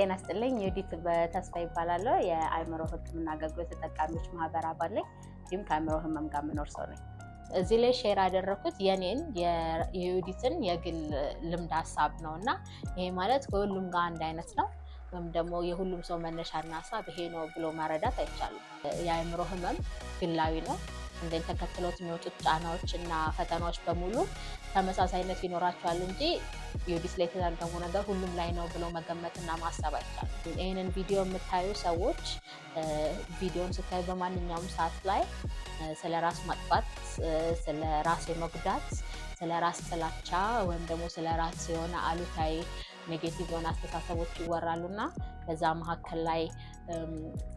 ጤና ስጥልኝ። ዩዲት በተስፋ ይባላለሁ። የአእምሮ ሕክምና አገልግሎት ተጠቃሚዎች ማህበር አባል ነኝ። እንዲሁም ከአእምሮ ህመም ጋር የምኖር ሰው ነኝ። እዚህ ላይ ሼር ያደረኩት የኔን የዩዲትን የግል ልምድ ሀሳብ ነው እና ይሄ ማለት ከሁሉም ጋር አንድ አይነት ነው ወይም ደግሞ የሁሉም ሰው መነሻና ሀሳብ ይሄ ነው ብሎ መረዳት አይቻልም። የአእምሮ ህመም ግላዊ ነው። እንደን ተከትሎት የሚወጡት ጫናዎች እና ፈተናዎች በሙሉ ተመሳሳይነት ይኖራቸዋል እንጂ ዩዲስ ላይ የተደረገው ነገር ሁሉም ላይ ነው ብሎ መገመትና ማሰብ አይቻልም። ይህንን ቪዲዮ የምታዩ ሰዎች ቪዲዮን ስታዩ በማንኛውም ሰዓት ላይ ስለ ራስ ማጥፋት፣ ስለ ራስ የመጉዳት፣ ስለ ራስ ጥላቻ ወይም ደግሞ ስለ ራስ የሆነ አሉታዊ ኔጌቲቭ የሆነ አስተሳሰቦች እና በዛ መካከል ላይ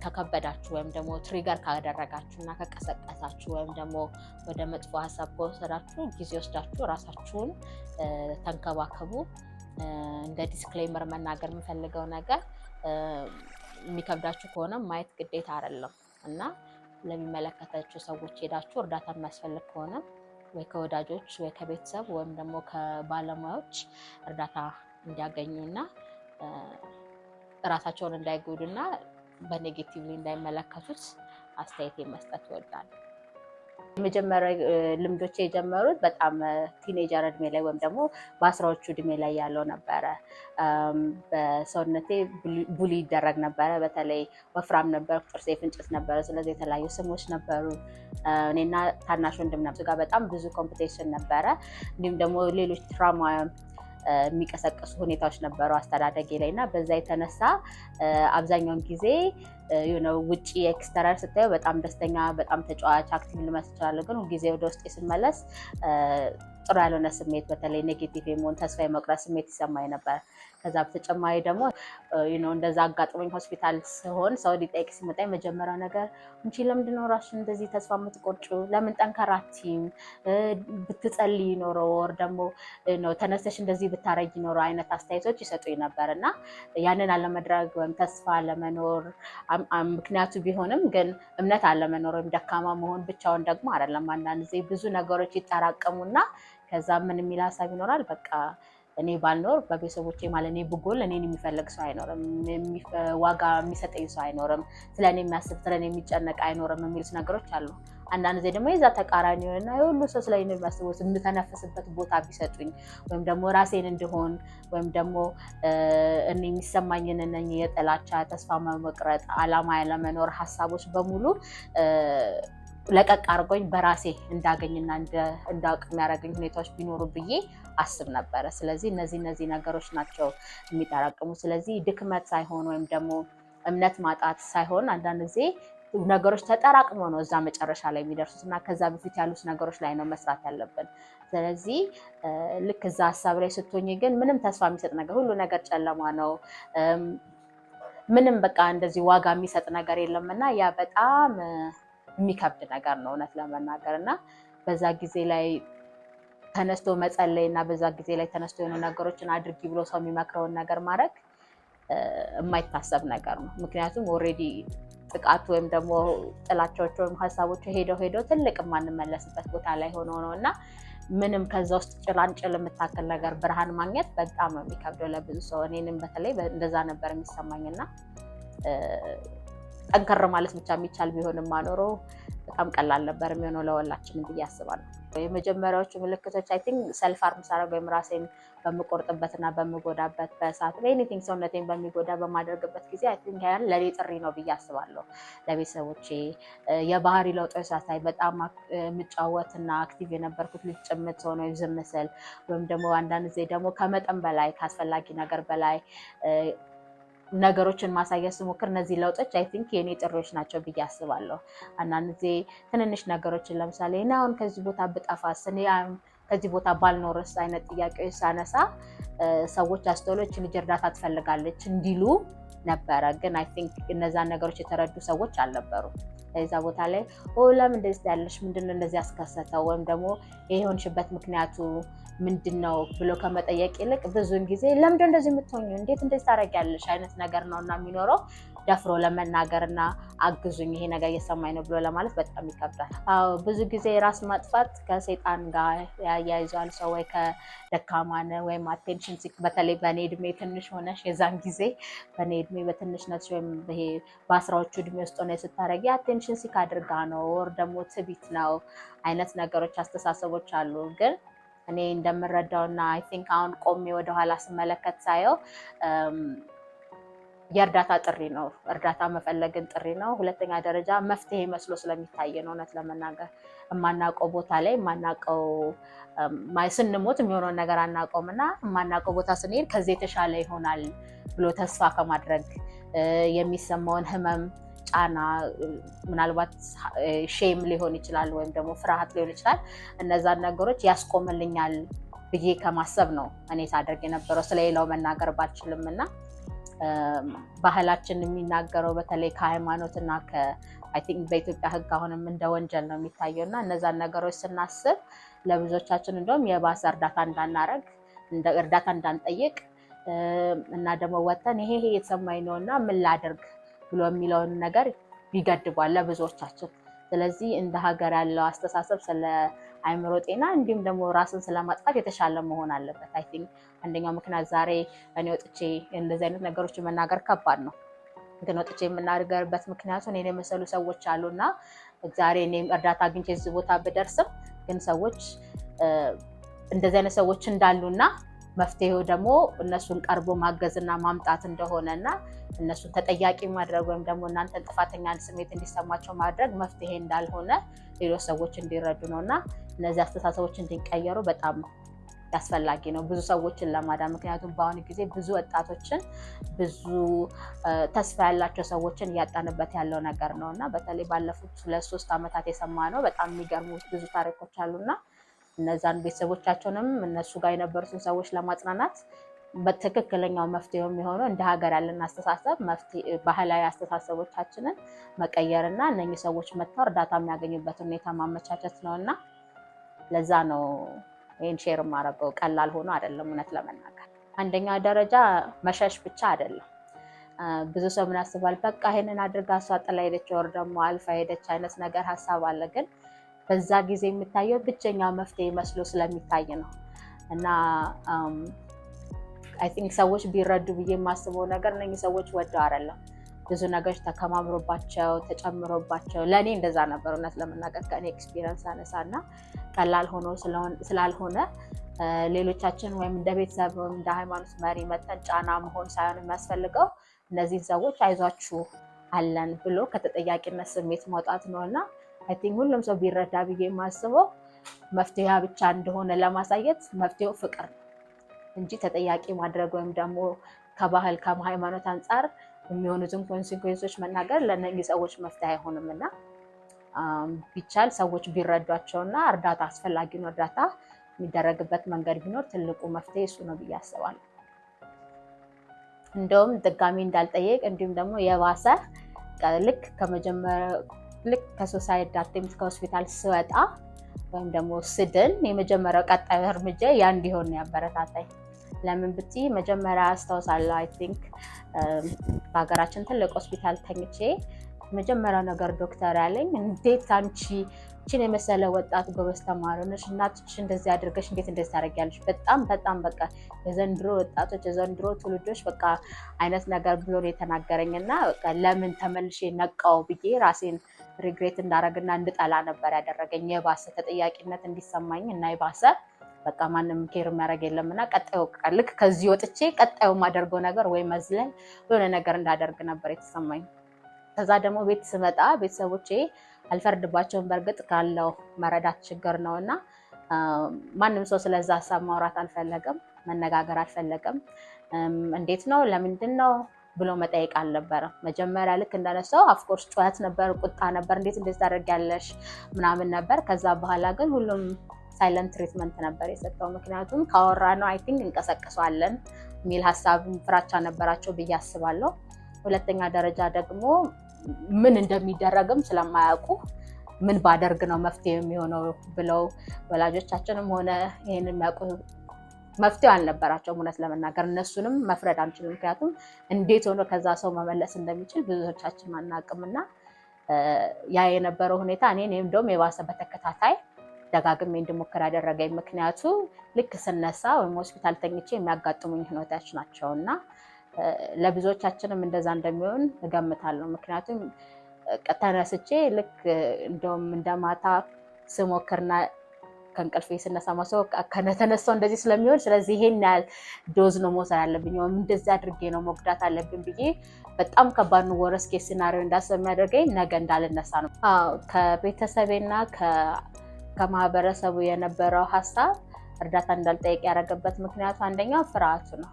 ከከበዳችሁ ወይም ደግሞ ትሪገር ካደረጋችሁ እና ከቀሰቀሳችሁ ወይም ደግሞ ወደ መጥፎ ሀሳብ ከወሰዳችሁ ጊዜ ወስዳችሁ ራሳችሁን ተንከባከቡ። እንደ ዲስክሌመር መናገር የምፈልገው ነገር የሚከብዳችሁ ከሆነ ማየት ግዴታ አይደለም እና ለሚመለከታቸው ሰዎች ሄዳችሁ እርዳታ የሚያስፈልግ ከሆነ ወይ ከወዳጆች ወይ ከቤተሰብ ወይም ደግሞ ከባለሙያዎች እርዳታ እንዲያገኙና እራሳቸውን እንዳይጎዱና በኔጌቲቭ እንዳይመለከቱት አስተያየት መስጠት ይወዳል። የመጀመሪያ ልምዶቼ የጀመሩት በጣም ቲኔጀር እድሜ ላይ ወይም ደግሞ በአስራዎቹ እድሜ ላይ ያለው ነበረ። በሰውነቴ ቡሊ ይደረግ ነበረ። በተለይ ወፍራም ነበር፣ ጥርሴ ፍንጭት ነበረ። ስለዚህ የተለያዩ ስሞች ነበሩ። እኔና ታናሽ ወንድም ጋር በጣም ብዙ ኮምፒቴሽን ነበረ። እንዲሁም ደግሞ ሌሎች ትራማ የሚቀሰቅሱ ሁኔታዎች ነበሩ አስተዳደጌ ላይ እና በዛ የተነሳ አብዛኛውን ጊዜ ውጭ ኤክስተራል ስታየው በጣም ደስተኛ በጣም ተጫዋች አክቲቭ ልመስል እችላለሁ፣ ግን ጊዜ ወደ ውስጤ ስመለስ ጥሩ ያልሆነ ስሜት በተለይ ኔጌቲቭ የመሆን ተስፋ የመቁረጥ ስሜት ይሰማኝ ነበር። ከዛ በተጨማሪ ደግሞ እንደዛ አጋጥሞኝ ሆስፒታል ሲሆን ሰው ሊጠይቅ ሲመጣ የመጀመሪያው ነገር አንቺ ለምንድነው እራስሽን እንደዚህ ተስፋ የምትቆርጩ? ለምን ቲም ብትጸል ይኖረ ወር ደግሞ ተነስተሽ እንደዚህ ብታረግ ይኖረ አይነት አስተያየቶች ይሰጡኝ ነበር እና ያንን አለመድረግ ወይም ተስፋ አለመኖር ምክንያቱ ቢሆንም ግን እምነት አለመኖር ወይም ደካማ መሆን ብቻውን ደግሞ አይደለም። አንዳንድ ጊዜ ብዙ ነገሮች ይጠራቀሙና ከዛ ምን የሚል ሀሳብ ይኖራል? በቃ እኔ ባልኖር በቤተሰቦቼ ማለት እኔ ብጎል እኔን የሚፈልግ ሰው አይኖርም፣ ዋጋ የሚሰጠኝ ሰው አይኖርም፣ ስለ እኔ የሚያስብ ስለ እኔ የሚጨነቅ አይኖርም የሚሉት ነገሮች አሉ። አንዳንድ ጊዜ ደግሞ የዛ ተቃራኒ የሆነና የሁሉ ሰው ስለ እኔ የሚያስበው የምተነፍስበት ቦታ ቢሰጡኝ ወይም ደግሞ ራሴን እንድሆን ወይም ደግሞ እኔ የሚሰማኝን እነ የጥላቻ ተስፋ መቅረጥ አላማ ያለመኖር ሀሳቦች በሙሉ ለቀቅ አድርጎኝ በራሴ እንዳገኝና እንዳውቅ የሚያደርገኝ ሁኔታዎች ቢኖሩ ብዬ አስብ ነበረ። ስለዚህ እነዚህ እነዚህ ነገሮች ናቸው የሚጠራቅሙ። ስለዚህ ድክመት ሳይሆን ወይም ደግሞ እምነት ማጣት ሳይሆን አንዳንድ ጊዜ ነገሮች ተጠራቅመው ነው እዛ መጨረሻ ላይ የሚደርሱት እና ከዛ በፊት ያሉት ነገሮች ላይ ነው መስራት ያለብን። ስለዚህ ልክ እዛ ሀሳብ ላይ ስትሆኝ ግን ምንም ተስፋ የሚሰጥ ነገር ሁሉ ነገር ጨለማ ነው፣ ምንም በቃ እንደዚህ ዋጋ የሚሰጥ ነገር የለም እና ያ በጣም የሚከብድ ነገር ነው እውነት ለመናገር እና በዛ ጊዜ ላይ ተነስቶ መጸለይ እና በዛ ጊዜ ላይ ተነስቶ የሆኑ ነገሮችን አድርጊ ብሎ ሰው የሚመክረውን ነገር ማድረግ የማይታሰብ ነገር ነው። ምክንያቱም ኦልሬዲ ጥቃቱ ወይም ደግሞ ጥላቻዎች ወይም ሀሳቦቹ ሄደው ሄደው ትልቅ የማንመለስበት ቦታ ላይ ሆኖ ነው እና ምንም ከዛ ውስጥ ጭላንጭል የምታክል ነገር ብርሃን ማግኘት በጣም ነው የሚከብደው ለብዙ ሰው። እኔንም በተለይ እንደዛ ነበር የሚሰማኝ እና ጠንከር ማለት ብቻ የሚቻል ቢሆንም ማኖሮ በጣም ቀላል ነበር የሚሆነው ለወላችንም ብዬ አስባለሁ። የመጀመሪያዎቹ ምልክቶች አይ ቲንክ ሰልፍ አርም ሳረግ ወይም ራሴን በምቆርጥበትና በምጎዳበት በእሳት በኤኒቲንግ ሰውነቴን በሚጎዳ በማደርግበት ጊዜ አይ ቲንክ ያን ለእኔ ጥሪ ነው ብዬ አስባለሁ። ለቤተሰቦቼ የባህሪ ለውጦች ሳታይ በጣም የምጫወትና አክቲቭ የነበርኩት ልጅ ጭምት ሆነ ወይም ዝም ስል ወይም ደግሞ አንዳንድ ጊዜ ደግሞ ከመጠን በላይ ከአስፈላጊ ነገር በላይ ነገሮችን ማሳየት ስሞክር እነዚህ ለውጦች አይ ቲንክ የእኔ ጥሪዎች ናቸው ብዬ አስባለሁ። አንዳንድ ጊዜ ትንንሽ ነገሮችን ለምሳሌ እኔ አሁን ከዚህ ቦታ ብጠፋስ፣ እኔ ከዚህ ቦታ ባልኖርስ አይነት ጥያቄዎች ሳነሳ ሰዎች አስተውሎች ልጅ እርዳታ ትፈልጋለች እንዲሉ ነበረ። ግን አይ ቲንክ እነዛን ነገሮች የተረዱ ሰዎች አልነበሩ። እዛ ቦታ ላይ ለምን እንደዚህ ያለሽ ምንድነው እንደዚህ ያስከሰተው ወይም ደግሞ የሆንሽበት ምክንያቱ ምንድን ነው ብሎ ከመጠየቅ ይልቅ ብዙን ጊዜ ለምንድን እንደዚህ የምትሆኝ እንዴት እንደዚህ ታደርጊያለሽ አይነት ነገር ነው እና የሚኖረው ደፍሮ ለመናገር እና አግዙኝ ይሄ ነገር እየሰማኝ ነው ብሎ ለማለት በጣም ይከብዳል። ብዙ ጊዜ ራስ ማጥፋት ከሴጣን ጋር ያያይዟል ሰው ወይ ከደካማነ ወይም አቴንሽን ሲክ፣ በተለይ በእኔ እድሜ ትንሽ ሆነሽ የዛን ጊዜ በእኔ እድሜ በትንሽነት ወይም ይሄ በአስራዎቹ እድሜ ውስጥ ሆነ ስታደረጊ አቴንሽን ሲክ አድርጋ ነው ወር ደግሞ ትቢት ነው አይነት ነገሮች አስተሳሰቦች አሉ ግን እኔ እንደምረዳው አይ ቲንክ አሁን ቆሜ ወደኋላ ስመለከት ሳየው የእርዳታ ጥሪ ነው። እርዳታ መፈለግን ጥሪ ነው። ሁለተኛ ደረጃ መፍትሄ መስሎ ስለሚታየን እውነት ለመናገር የማናውቀው ቦታ ላይ የማናውቀው ስንሞት የሚሆነውን ነገር አናውቀውም እና የማናውቀው ቦታ ስንሄድ ከዚህ የተሻለ ይሆናል ብሎ ተስፋ ከማድረግ የሚሰማውን ህመም ጫና ምናልባት ሼም ሊሆን ይችላል ወይም ደግሞ ፍርሃት ሊሆን ይችላል። እነዛን ነገሮች ያስቆምልኛል ብዬ ከማሰብ ነው እኔ ሳደርግ የነበረው። ስለሌላው መናገር ባልችልም እና ባህላችን የሚናገረው በተለይ ከሃይማኖትና በኢትዮጵያ ሕግ አሁንም እንደ ወንጀል ነው የሚታየው እና እነዛን ነገሮች ስናስብ ለብዙዎቻችን እንደውም የባሰ እርዳታ እንዳናረግ እርዳታ እንዳንጠይቅ እና ደግሞ ወተን ይሄ ይሄ የተሰማኝ ነው እና ምን ላድርግ ብሎ የሚለውን ነገር ይገድባል ለብዙዎቻችን። ስለዚህ እንደ ሀገር ያለው አስተሳሰብ ስለ አይምሮ ጤና እንዲሁም ደግሞ ራስን ስለማጥፋት የተሻለ መሆን አለበት። አይ ቲንክ አንደኛው ምክንያት ዛሬ እኔ ወጥቼ እንደዚህ አይነት ነገሮች መናገር ከባድ ነው፣ ግን ወጥቼ የምናገርበት ምክንያቱ እኔን የመሰሉ ሰዎች አሉና ዛሬ እኔም እርዳታ አግኝቼ እዚህ ቦታ ብደርስም ግን ሰዎች እንደዚህ አይነት ሰዎች እንዳሉና መፍትሄው ደግሞ እነሱን ቀርቦ ማገዝና ማምጣት እንደሆነ እና እነሱን ተጠያቂ ማድረግ ወይም ደግሞ እናንተን ጥፋተኛ ስሜት እንዲሰማቸው ማድረግ መፍትሄ እንዳልሆነ ሌሎች ሰዎች እንዲረዱ ነው እና እነዚህ አስተሳሰቦች እንዲቀየሩ በጣም አስፈላጊ ነው ብዙ ሰዎችን ለማዳን። ምክንያቱም በአሁኑ ጊዜ ብዙ ወጣቶችን ብዙ ተስፋ ያላቸው ሰዎችን እያጣንበት ያለው ነገር ነው እና በተለይ ባለፉት ሁለት ሶስት ዓመታት የሰማነው በጣም የሚገርሙ ብዙ ታሪኮች አሉና እነዛን ቤተሰቦቻቸውንም እነሱ ጋር የነበሩትን ሰዎች ለማጽናናት በትክክለኛው መፍትሄ የሚሆነው እንደ ሀገር ያለን አስተሳሰብ ባህላዊ አስተሳሰቦቻችንን መቀየርና እነኚህ ሰዎች መጥተው እርዳታ የሚያገኙበትን ሁኔታ ማመቻቸት ነው እና ለዛ ነው ይህን ሼር ማረገው። ቀላል ሆኖ አይደለም፣ እውነት ለመናገር አንደኛ ደረጃ መሸሽ ብቻ አይደለም። ብዙ ሰው ምን ያስባል፣ በቃ ይህንን አድርጋ እሷ ጥላ ሄደች፣ ወር ደግሞ አልፋ ሄደች አይነት ነገር ሀሳብ አለ ግን በዛ ጊዜ የምታየው ብቸኛው መፍትሄ መስሎ ስለሚታይ ነው እና አይ um, ቲንክ ሰዎች ቢረዱ ብዬ የማስበው ነገር እነኝህ ሰዎች ወደው አይደለም ብዙ ነገሮች ተከማምሮባቸው ተጨምሮባቸው፣ ለእኔ እንደዛ ነበር። እውነት ለመናገር ከእኔ ኤክስፒሪንስ አነሳ እና ቀላል ሆኖ ስላልሆነ ሌሎቻችን ወይም እንደ ቤተሰብ ወይም እንደ ሃይማኖት መሪ መጠን ጫና መሆን ሳይሆን የሚያስፈልገው እነዚህን ሰዎች አይዟችሁ አለን ብሎ ከተጠያቂነት ስሜት መውጣት ነው እና አይ ቲንክ ሁሉም ሰው ቢረዳ ብዬ የማስበው መፍትሄ ብቻ እንደሆነ ለማሳየት መፍትሄው ፍቅር ነው እንጂ ተጠያቂ ማድረግ ወይም ደግሞ ከባህል ከሃይማኖት አንጻር የሚሆኑትን ኮንሲኮንሶች መናገር ለእነዚህ ሰዎች መፍትሄ አይሆንም እና ቢቻል ሰዎች ቢረዷቸውና እርዳታ አስፈላጊ ነው እርዳታ የሚደረግበት መንገድ ቢኖር ትልቁ መፍትሄ እሱ ነው ብዬ አስባለሁ። እንደውም ድጋሚ እንዳልጠየቅ እንዲሁም ደግሞ የባሰ ልክ ከመጀመሪያ ልክ ከሶሳይድ አርቴሚስ ከሆስፒታል ስወጣ ወይም ደግሞ ስድን የመጀመሪያው ቀጣዩ እርምጃ ያ እንዲሆን ያበረታታኝ ለምን ብቲ መጀመሪያ አስታውሳለሁ። አይ ቲንክ በሀገራችን ትልቅ ሆስፒታል ተኝቼ መጀመሪያው ነገር ዶክተር ያለኝ እንዴት አንቺ ችን የመሰለ ወጣት ጎበዝ ተማሪ ሆነሽ እናትሽ እንደዚህ አድርገሽ እንዴት እንደዚህ ታደርጊያለሽ? በጣም በጣም በቃ የዘንድሮ ወጣቶች የዘንድሮ ትውልዶች በቃ አይነት ነገር ብሎ የተናገረኝ እና ለምን ተመልሼ ነቃው ብዬ ራሴን ሪግሬት እንዳረግና እንድጠላ ነበር ያደረገኝ። የባሰ ተጠያቂነት እንዲሰማኝ እና የባሰ በቃ ማንም ኬር የሚያደርግ የለምና ቀጣዩ ልክ ከዚህ ወጥቼ ቀጣዩ የማደርገው ነገር ወይ መዝለል የሆነ ነገር እንዳደርግ ነበር የተሰማኝ። ከዛ ደግሞ ቤት ስመጣ ቤተሰቦቼ አልፈርድባቸውን በእርግጥ ካለው መረዳት ችግር ነው እና ማንም ሰው ስለዛ ሀሳብ ማውራት አልፈለገም፣ መነጋገር አልፈለገም። እንዴት ነው? ለምንድን ነው ብሎ መጠየቅ አልነበረም። መጀመሪያ ልክ እንዳነሳው አፍኮርስ ጩኸት ነበር፣ ቁጣ ነበር፣ እንዴት እንደዚህ ታደርጊያለሽ ምናምን ነበር። ከዛ በኋላ ግን ሁሉም ሳይለንት ትሪትመንት ነበር የሰጠው። ምክንያቱም ካወራ ነው አይ ቲንክ እንቀሰቅሰዋለን የሚል ሀሳብ ፍራቻ ነበራቸው ብዬ አስባለሁ። ሁለተኛ ደረጃ ደግሞ ምን እንደሚደረግም ስለማያውቁ ምን ባደርግ ነው መፍትሄ የሚሆነው ብለው ወላጆቻችንም ሆነ ይህን የሚያውቁ መፍትሄ አልነበራቸውም። እውነት ለመናገር እነሱንም መፍረድ አንችልም። ምክንያቱም እንዴት ሆኖ ከዛ ሰው መመለስ እንደሚችል ብዙዎቻችን አናውቅምና ያ የነበረው ሁኔታ እኔ እንደውም የባሰ በተከታታይ ደጋግሜ እንድሞክር ያደረገኝ ምክንያቱ ልክ ስነሳ ወይም ሆስፒታል ተኝቼ የሚያጋጥሙኝ ሁኔታዎች ናቸው እና ለብዙዎቻችንም እንደዛ እንደሚሆን እገምታለሁ። ምክንያቱም ተነስቼ ልክ እንደውም እንደማታ ስሞክርና ከእንቅልፍ ስነሳ ማሰው ከተነሳው እንደዚህ ስለሚሆን ስለዚህ ይሄን ያህል ዶዝ ነው መውሰድ አለብኝ ወይም እንደዚ አድርጌ ነው መጉዳት አለብን ብዬ በጣም ከባድ ነው። ወረስ ኬስ ሲናሪዮ እንዳስብ የሚያደርገኝ ነገ እንዳልነሳ ነው። ከቤተሰቤና ከማህበረሰቡ የነበረው ሀሳብ እርዳታ እንዳልጠየቅ ያደረገበት ምክንያቱ አንደኛው ፍርሃቱ ነው።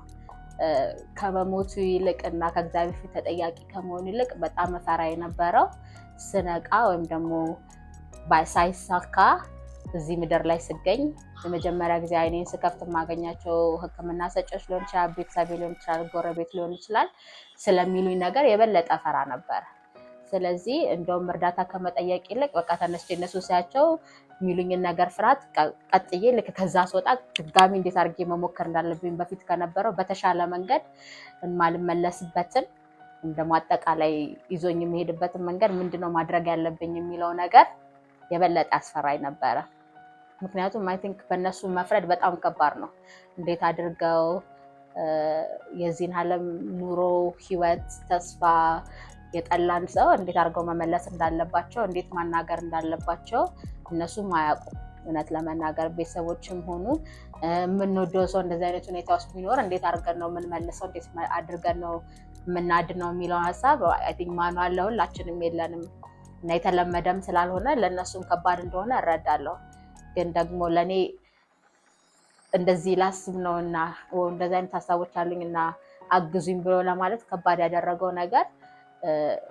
ከመሞቱ ይልቅ እና ከእግዚአብሔር ፊት ተጠያቂ ከመሆኑ ይልቅ በጣም መፈራ የነበረው ስነቃ ወይም ደግሞ ሳይሳካ እዚህ ምድር ላይ ስገኝ የመጀመሪያ ጊዜ አይኔ ስከፍት የማገኛቸው ሕክምና ሰጪዎች ሊሆን ይችላል፣ ቤተሰቤ ሊሆን ይችላል፣ ጎረቤት ሊሆን ይችላል ስለሚሉኝ ነገር የበለጠ ፈራ ነበር። ስለዚህ እንደውም እርዳታ ከመጠየቅ ይልቅ በቃ ተነስቼ እነሱ ሲያቸው የሚሉኝን ነገር ፍርሃት ቀጥዬ ልክ ከዛ ስወጣ ድጋሚ እንዴት አድርጌ መሞከር እንዳለብኝ በፊት ከነበረው በተሻለ መንገድ ማልመለስበትን ደግሞ አጠቃላይ ይዞኝ የሚሄድበትን መንገድ ምንድነው ማድረግ ያለብኝ የሚለው ነገር የበለጠ አስፈራኝ ነበረ። ምክንያቱም አይ ቲንክ በእነሱ መፍረድ በጣም ከባድ ነው። እንዴት አድርገው የዚህን ዓለም ኑሮ፣ ህይወት፣ ተስፋ የጠላን ሰው እንዴት አድርገው መመለስ እንዳለባቸው፣ እንዴት ማናገር እንዳለባቸው እነሱም አያውቁም። እውነት ለመናገር ቤተሰቦችም ሆኑ የምንወደው ሰው እንደዚህ አይነት ሁኔታ ውስጥ ቢኖር እንዴት አድርገን ነው የምንመልሰው፣ እንዴት አድርገን ነው የምናድነው የሚለውን ሀሳብ አይ ቲንክ ማኑዋል ለሁላችንም የለንም እና የተለመደም ስላልሆነ ለእነሱም ከባድ እንደሆነ እረዳለሁ። ግን ደግሞ ለእኔ እንደዚህ ላስብ ነው እና እንደዚህ አይነት ሀሳቦች አሉኝ እና አግዙኝ ብሎ ለማለት ከባድ ያደረገው ነገር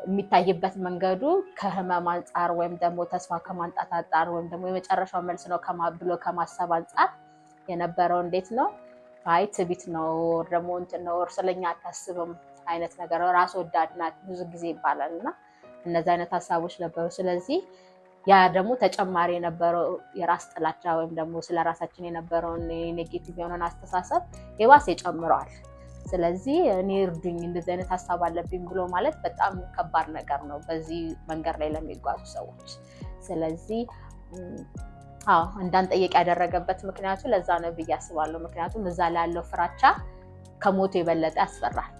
የሚታይበት መንገዱ ከህመም አንጻር ወይም ደግሞ ተስፋ ከማንጣት አንጻር ወይም ደግሞ የመጨረሻው መልስ ነው ብሎ ከማሰብ አንጻር የነበረው እንዴት ነው አይ ትቢት ነው ደግሞ እንትን ነው ስለኛ አታስብም አይነት ነገር ራስ ወዳድ ናት ብዙ ጊዜ ይባላል እና እነዚህ አይነት ሀሳቦች ነበሩ። ስለዚህ ያ ደግሞ ተጨማሪ የነበረው የራስ ጥላቻ ወይም ደግሞ ስለ ራሳችን የነበረውን ኔጌቲቭ የሆነን አስተሳሰብ የባሰ ጨምረዋል ስለዚህ እኔ እርዱኝ፣ እንደዚህ አይነት ሀሳብ አለብኝ ብሎ ማለት በጣም ከባድ ነገር ነው በዚህ መንገድ ላይ ለሚጓዙ ሰዎች። ስለዚህ አዎ እንዳንጠየቅ ያደረገበት ምክንያቱ ለዛ ነው ብዬ አስባለሁ። ምክንያቱም እዛ ላይ ያለው ፍራቻ ከሞቱ የበለጠ ያስፈራል።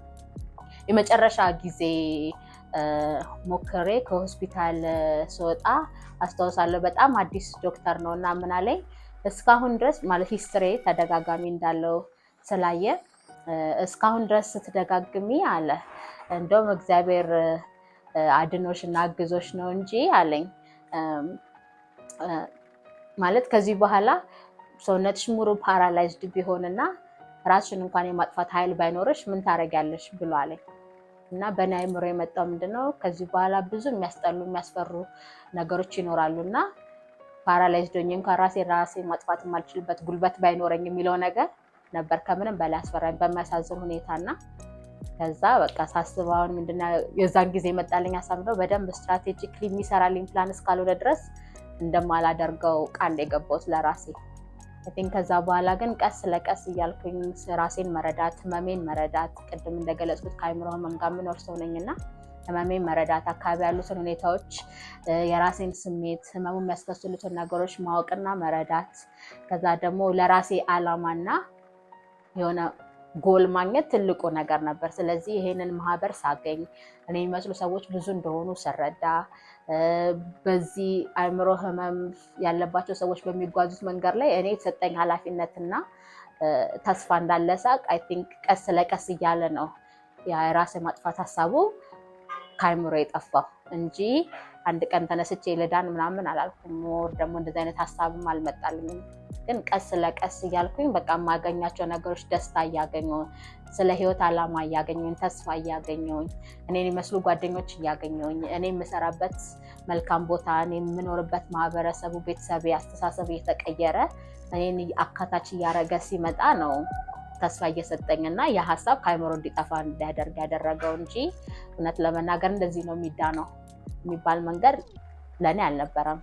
የመጨረሻ ጊዜ ሞክሬ ከሆስፒታል ስወጣ አስታውሳለሁ። በጣም አዲስ ዶክተር ነው እና ምናለኝ እስካሁን ድረስ ማለት ሂስትሬ ተደጋጋሚ እንዳለው ስላየ እስካሁን ድረስ ስትደጋግሚ አለ እንደውም እግዚአብሔር አድኖሽ እና አግዞሽ ነው እንጂ አለኝ። ማለት ከዚህ በኋላ ሰውነትሽ ሙሉ ፓራላይዝድ ቢሆንና ራስሽን እንኳን የማጥፋት ኃይል ባይኖረች ምን ታደርጊያለሽ ብሎ አለኝ። እና በእኔ አእምሮ የመጣው ምንድነው ከዚህ በኋላ ብዙ የሚያስጠሉ የሚያስፈሩ ነገሮች ይኖራሉ እና ፓራላይዝ ሆኜ እንኳን ራሴ ራሴ ማጥፋት የማልችልበት ጉልበት ባይኖረኝ የሚለው ነገር ነበር ከምንም በላይ አስፈራኝ በሚያሳዝን ሁኔታና ከዛ በቃ ሳስበው አሁን ምንድነው የዛን ጊዜ የመጣልኝ ሀሳብ ነው በደንብ ስትራቴጂክሊ የሚሰራልኝ ፕላን እስካልሆነ ድረስ እንደማላደርገው ቃል የገባሁት ለራሴ ግን ከዛ በኋላ ግን ቀስ ለቀስ እያልኩኝ ራሴን መረዳት ህመሜን መረዳት ቅድም እንደገለጽኩት ከአይምሮ ህመም ጋር የምኖር ሰው ነኝ እና ህመሜን መረዳት አካባቢ ያሉትን ሁኔታዎች፣ የራሴን ስሜት፣ ህመሙ የሚያስከስሉትን ነገሮች ማወቅና መረዳት ከዛ ደግሞ ለራሴ አላማና የሆነ ጎል ማግኘት ትልቁ ነገር ነበር። ስለዚህ ይሄንን ማህበር ሳገኝ እኔ የሚመስሉ ሰዎች ብዙ እንደሆኑ ስረዳ በዚህ አእምሮ ህመም ያለባቸው ሰዎች በሚጓዙት መንገድ ላይ እኔ የተሰጠኝ ኃላፊነትና ተስፋ እንዳለ ሳቅ አይ ቲንክ ቀስ ለቀስ እያለ ነው የራስ የማጥፋት ሀሳቡ ከአእምሮ የጠፋው እንጂ አንድ ቀን ተነስቼ ልዳን ምናምን አላልኩም። ሞር ደግሞ እንደዚህ አይነት ሀሳብም አልመጣልኝም። ግን ቀስ ለቀስ እያልኩኝ በቃ የማገኛቸው ነገሮች ደስታ እያገኘሁ ስለ ህይወት አላማ እያገኘሁኝ ተስፋ እያገኘውኝ እኔን የመስሉ ጓደኞች እያገኘውኝ እኔ የምሰራበት መልካም ቦታ እኔ የምኖርበት ማህበረሰቡ፣ ቤተሰብ፣ አስተሳሰብ እየተቀየረ እኔን አካታች እያደረገ ሲመጣ ነው ተስፋ እየሰጠኝ እና ሀሳብ ከአይምሮ እንዲጠፋ እንዲያደርግ ያደረገው እንጂ እውነት ለመናገር እንደዚህ ነው የሚዳ ነው የሚባል መንገድ ለእኔ አልነበረም።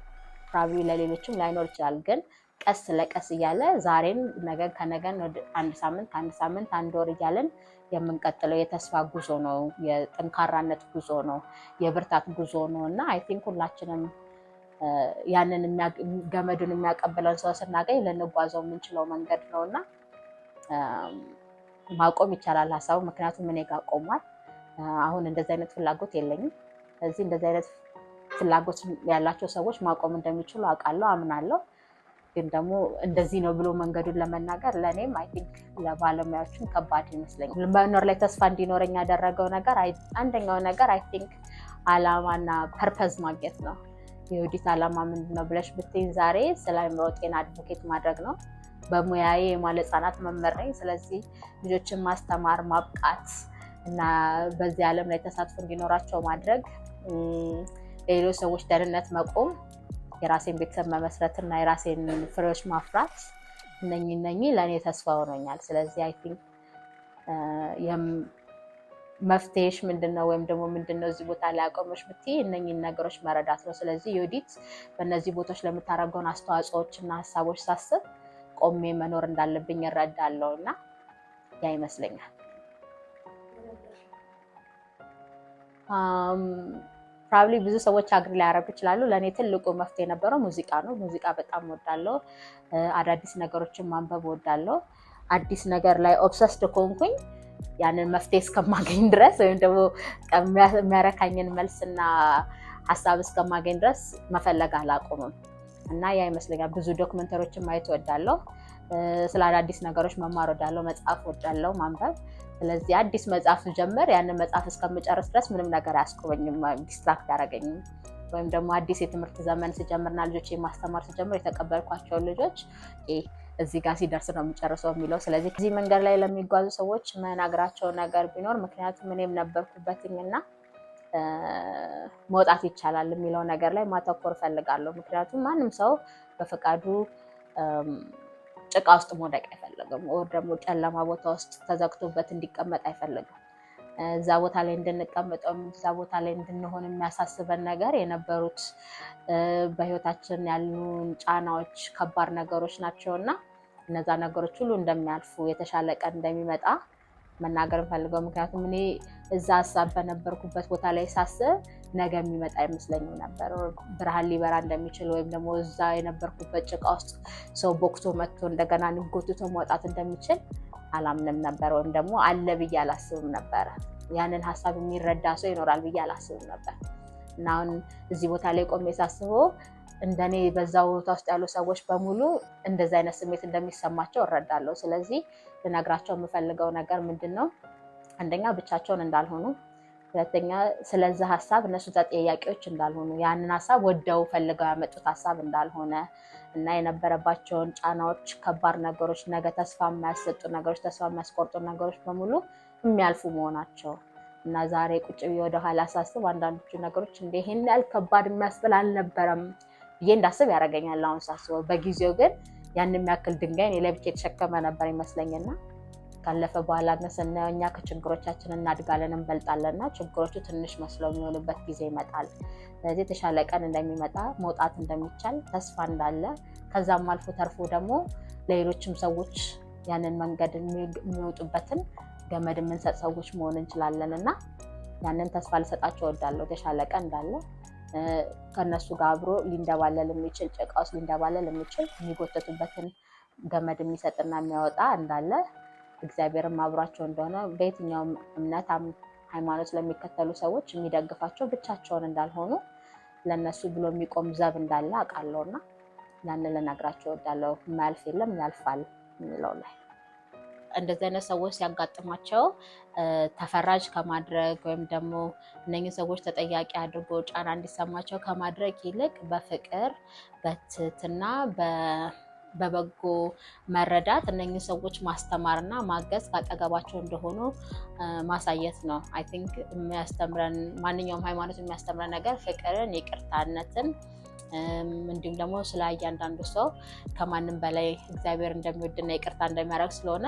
አካባቢ ለሌሎችም ላይኖር ይችላል። ግን ቀስ ለቀስ እያለ ዛሬን ነገን ከነገን አንድ ሳምንት ከአንድ ሳምንት አንድ ወር እያለን የምንቀጥለው የተስፋ ጉዞ ነው። የጠንካራነት ጉዞ ነው። የብርታት ጉዞ ነው እና አይ ቲንክ ሁላችንም ያንን ገመዱን የሚያቀብለን ሰው ስናገኝ ልንጓዘው የምንችለው መንገድ ነው እና ማቆም ይቻላል ሀሳቡ። ምክንያቱም እኔ ጋር ቆሟል። አሁን እንደዚህ አይነት ፍላጎት የለኝም። እዚህ እንደዚህ አይነት ፍላጎት ያላቸው ሰዎች ማቆም እንደሚችሉ አውቃለሁ፣ አምናለሁ። ግን ደግሞ እንደዚህ ነው ብሎ መንገዱን ለመናገር ለእኔም አይ ቲንክ ለባለሙያዎችም ከባድ ይመስለኛል። መኖር ላይ ተስፋ እንዲኖረኝ ያደረገው ነገር አንደኛው ነገር አይ ቲንክ አላማና ፐርፐዝ ማግኘት ነው። የውዲት አላማ ምንድን ነው ብለሽ ብትይኝ ዛሬ ስለ አእምሮ ጤና አድቮኬት ማድረግ ነው። በሙያዬ የማለ ህጻናት መምህር ነኝ። ስለዚህ ልጆችን ማስተማር ማብቃት እና በዚህ ዓለም ላይ ተሳትፎ እንዲኖራቸው ማድረግ ለሌሎች ሰዎች ደህንነት መቆም፣ የራሴን ቤተሰብ መመስረት እና የራሴን ፍሬዎች ማፍራት እነኚህ እነኚህ ለእኔ ተስፋ ሆኖኛል። ስለዚህ አይ ቲንክ መፍትሄሽ ምንድን ነው ወይም ደግሞ ምንድን ነው እዚህ ቦታ ላይ አቆመሽ ብትይ እነኝን ነገሮች መረዳት ነው። ስለዚህ ዮዲት በእነዚህ ቦታዎች ለምታደርገውን አስተዋጽኦዎች እና ሀሳቦች ሳስብ ቆሜ መኖር እንዳለብኝ እረዳለሁ እና ያ ይመስለኛል። ፕሮባብሊ ብዙ ሰዎች አግሪ ላይ ይችላሉ። ለእኔ ትልቁ መፍትሄ የነበረው ሙዚቃ ነው። ሙዚቃ በጣም ወዳለው፣ አዳዲስ ነገሮችን ማንበብ ወዳለው። አዲስ ነገር ላይ ኦብሰስድ ከሆንኩኝ ያንን መፍትሄ እስከማገኝ ድረስ ወይም ደግሞ የሚያረካኝን መልስና ሀሳብ እስከማገኝ ድረስ መፈለግ አላቆምም እና ያ ይመስለኛል። ብዙ ዶክመንተሪዎችን ማየት ወዳለው፣ ስለ አዳዲስ ነገሮች መማር ወዳለው፣ መጽሐፍ ወዳለው፣ ማንበብ ስለዚህ አዲስ መጽሐፍ ስጀምር ያንን መጽሐፍ እስከምጨርስ ድረስ ምንም ነገር አያስቆመኝም፣ ዲስትራክት ያደረገኝም። ወይም ደግሞ አዲስ የትምህርት ዘመን ስጀምርና ልጆች የማስተማር ስጀምር የተቀበልኳቸውን ልጆች እዚህ ጋር ሲደርስ ነው የሚጨርሰው የሚለው። ስለዚህ እዚህ መንገድ ላይ ለሚጓዙ ሰዎች መናገራቸው ነገር ቢኖር ምክንያቱም እኔም እና መውጣት ይቻላል የሚለው ነገር ላይ ማተኮር እፈልጋለሁ። ምክንያቱም ማንም ሰው በፈቃዱ ጭቃ ውስጥ መውደቅ አይፈለግም። ወር ደግሞ ጨለማ ቦታ ውስጥ ተዘግቶበት እንዲቀመጥ አይፈልግም። እዛ ቦታ ላይ እንድንቀመጠው እዛ ቦታ ላይ እንድንሆን የሚያሳስበን ነገር የነበሩት በህይወታችን ያሉን ጫናዎች፣ ከባድ ነገሮች ናቸው እና እነዛ ነገሮች ሁሉ እንደሚያልፉ የተሻለ ቀን እንደሚመጣ መናገር እንፈልገው። ምክንያቱም እኔ እዛ ሀሳብ በነበርኩበት ቦታ ላይ ሳስብ ነገ የሚመጣ አይመስለኝም ነበር ብርሃን ሊበራ እንደሚችል ወይም ደግሞ እዛ የነበርኩበት ጭቃ ውስጥ ሰው ቦክቶ መጥቶ እንደገና ጎትቶ መውጣት እንደሚችል አላምንም ነበር፣ ወይም ደግሞ አለ ብዬ አላስብም ነበረ። ያንን ሀሳብ የሚረዳ ሰው ይኖራል ብዬ አላስብም ነበር እና አሁን እዚህ ቦታ ላይ ቆሜ ሳስበው እንደኔ በዛ ቦታ ውስጥ ያሉ ሰዎች በሙሉ እንደዚ አይነት ስሜት እንደሚሰማቸው እረዳለሁ። ስለዚህ ልነግራቸው የምፈልገው ነገር ምንድን ነው? አንደኛ ብቻቸውን እንዳልሆኑ፣ ሁለተኛ ስለዛ ሀሳብ እነሱ ተጠያቂዎች እንዳልሆኑ፣ ያንን ሀሳብ ወደው ፈልገው ያመጡት ሀሳብ እንዳልሆነ እና የነበረባቸውን ጫናዎች፣ ከባድ ነገሮች፣ ነገ ተስፋ የማያሰጡ ነገሮች፣ ተስፋ የሚያስቆርጡ ነገሮች በሙሉ የሚያልፉ መሆናቸው እና ዛሬ ቁጭ ወደኋላ ሳስብ አንዳንዶቹ ነገሮች እንደ ይሄን ያህል ከባድ የሚያስብል አልነበረም ብዬ እንዳስብ ያደርገኛል አሁን ሳስበው። በጊዜው ግን ያን የሚያክል ድንጋይ እኔ ለብቻ የተሸከመ ነበር ይመስለኝና ካለፈ በኋላ ግን እኛ ከችግሮቻችን እናድጋለን እንበልጣለንና ችግሮቹ ትንሽ መስለው የሚሆንበት ጊዜ ይመጣል። ስለዚህ የተሻለ ቀን እንደሚመጣ መውጣት እንደሚቻል ተስፋ እንዳለ ከዛም አልፎ ተርፎ ደግሞ ለሌሎችም ሰዎች ያንን መንገድ የሚወጡበትን ገመድ የምንሰጥ ሰዎች መሆን እንችላለን እና ያንን ተስፋ ልሰጣቸው እወዳለሁ። የተሻለ ቀን እንዳለ ከነሱ ጋር አብሮ ሊንደባለል የሚችል ጭቃ ውስጥ ሊንደባለል የሚችል የሚጎተቱበትን ገመድ የሚሰጥና የሚያወጣ እንዳለ እግዚአብሔርም አብሯቸው እንደሆነ በየትኛውም እምነት ሃይማኖት ለሚከተሉ ሰዎች የሚደግፋቸው ብቻቸውን እንዳልሆኑ ለእነሱ ብሎ የሚቆም ዘብ እንዳለ አውቃለሁና ያንን ልነግራቸው እወዳለሁ። የማያልፍ የለም ያልፋል የሚለው ላይ እንደዚህ አይነት ሰዎች ሲያጋጥማቸው ተፈራጅ ከማድረግ ወይም ደግሞ እነኝህ ሰዎች ተጠያቂ አድርጎ ጫና እንዲሰማቸው ከማድረግ ይልቅ በፍቅር በትህትና በበጎ መረዳት እነኝህ ሰዎች ማስተማርና ማገዝ ካጠገባቸው እንደሆኑ ማሳየት ነው። አይ ቲንክ የሚያስተምረን ማንኛውም ሃይማኖት የሚያስተምረን ነገር ፍቅርን፣ ይቅርታነትን እንዲሁም ደግሞ ስለ እያንዳንዱ ሰው ከማንም በላይ እግዚአብሔር እንደሚወድና ይቅርታ እንደሚያደርግ ስለሆነ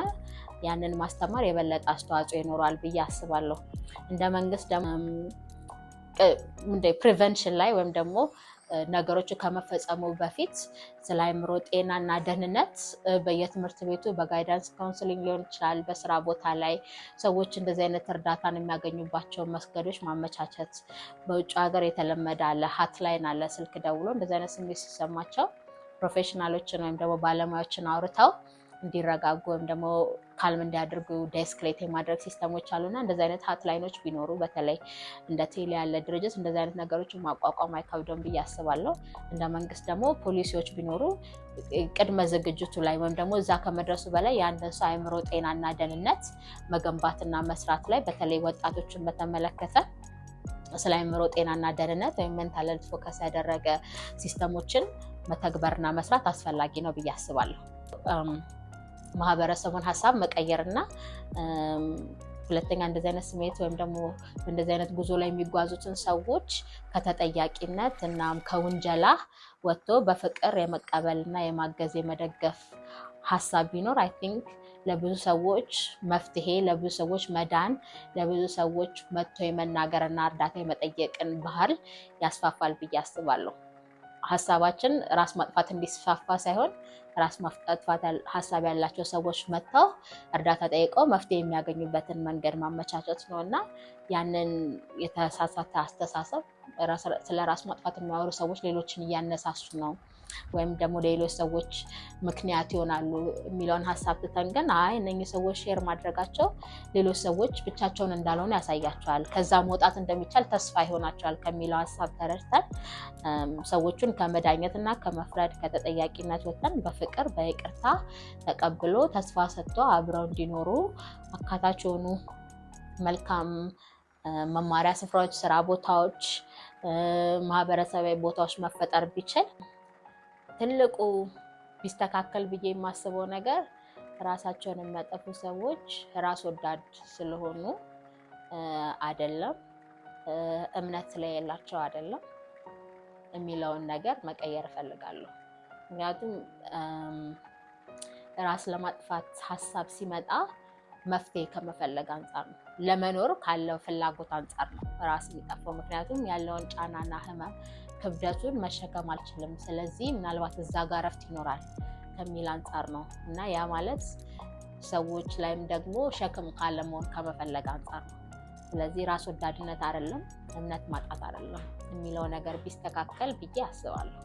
ያንን ማስተማር የበለጠ አስተዋጽኦ ይኖረዋል ብዬ አስባለሁ። እንደ መንግስት ፕሪቨንሽን ላይ ወይም ደግሞ ነገሮቹ ከመፈጸሙ በፊት ስለ አይምሮ ጤና እና ደህንነት በየትምህርት ቤቱ በጋይዳንስ ካውንስሊንግ ሊሆን ይችላል። በስራ ቦታ ላይ ሰዎች እንደዚህ አይነት እርዳታን የሚያገኙባቸው መስገዶች ማመቻቸት። በውጭ ሀገር የተለመደ አለ፣ ሀትላይን አለ። ስልክ ደውሎ እንደዚህ አይነት ስሜት ሲሰማቸው ፕሮፌሽናሎችን ወይም ደግሞ ባለሙያዎችን አውርተው እንዲረጋጉ ወይም ደግሞ ካልም እንዲያደርጉ ዴስክሌት የማድረግ ሲስተሞች አሉና እንደዚ አይነት ሀትላይኖች ቢኖሩ በተለይ እንደ ቴሌ ያለ ድርጅት እንደዚ አይነት ነገሮች ማቋቋም አይከብደውም ብዬ አስባለሁ። እንደ መንግስት ደግሞ ፖሊሲዎች ቢኖሩ ቅድመ ዝግጅቱ ላይ ወይም ደግሞ እዛ ከመድረሱ በላይ የአንድን ሰው አእምሮ ጤናና ደህንነት መገንባትና መስራት ላይ በተለይ ወጣቶችን በተመለከተ ስለ አእምሮ ጤናና ደህንነት ወይም ሜንታል ሄልዝ ፎከስ ያደረገ ሲስተሞችን መተግበርና መስራት አስፈላጊ ነው ብዬ አስባለሁ። ማህበረሰቡን ሀሳብ መቀየር ና ሁለተኛ እንደዚህ አይነት ስሜት ወይም ደግሞ እንደዚህ አይነት ጉዞ ላይ የሚጓዙትን ሰዎች ከተጠያቂነት እናም ከውንጀላ ወጥቶ በፍቅር የመቀበልና የማገዝ የመደገፍ ሀሳብ ቢኖር አይ ቲንክ ለብዙ ሰዎች መፍትሄ፣ ለብዙ ሰዎች መዳን፣ ለብዙ ሰዎች መጥቶ የመናገርና እርዳታ የመጠየቅን ባህል ያስፋፋል ብዬ አስባለሁ። ሀሳባችን ራስ ማጥፋት እንዲስፋፋ ሳይሆን ራስ ማጥፋት ሀሳብ ያላቸው ሰዎች መጥተው እርዳታ ጠይቀው መፍትሄ የሚያገኙበትን መንገድ ማመቻቸት ነው እና ያንን የተሳሳተ አስተሳሰብ ስለ ራስ ማጥፋት የሚያወሩ ሰዎች ሌሎችን እያነሳሱ ነው። ወይም ደግሞ ለሌሎች ሰዎች ምክንያት ይሆናሉ የሚለውን ሀሳብ ትተን ግን አይ እነኚህ ሰዎች ሼር ማድረጋቸው ሌሎች ሰዎች ብቻቸውን እንዳልሆነ ያሳያቸዋል፣ ከዛ መውጣት እንደሚቻል ተስፋ ይሆናቸዋል ከሚለው ሀሳብ ተረድተን ሰዎቹን ከመዳኘትና ከመፍረድ ከተጠያቂነት ወጥተን በፍቅር በይቅርታ ተቀብሎ ተስፋ ሰጥቶ አብረው እንዲኖሩ አካታች የሆኑ መልካም መማሪያ ስፍራዎች፣ ስራ ቦታዎች፣ ማህበረሰባዊ ቦታዎች መፈጠር ቢችል ትልቁ ቢስተካከል ብዬ የማስበው ነገር ራሳቸውን የሚያጠፉ ሰዎች ራስ ወዳድ ስለሆኑ አይደለም፣ እምነት ስለሌላቸው አይደለም የሚለውን ነገር መቀየር እፈልጋለሁ። ምክንያቱም ራስ ለማጥፋት ሀሳብ ሲመጣ መፍትሄ ከመፈለግ አንጻር ነው፣ ለመኖር ካለው ፍላጎት አንጻር ነው ራስ የሚጠፋው። ምክንያቱም ያለውን ጫናና ህመም ክብደቱን መሸከም አልችልም፣ ስለዚህ ምናልባት እዛ ጋር እረፍት ይኖራል ከሚል አንጻር ነው እና ያ ማለት ሰዎች ላይም ደግሞ ሸክም ካለመሆን ከመፈለግ አንጻር ነው። ስለዚህ ራስ ወዳድነት አይደለም፣ እምነት ማጣት አይደለም የሚለው ነገር ቢስተካከል ብዬ አስባለሁ።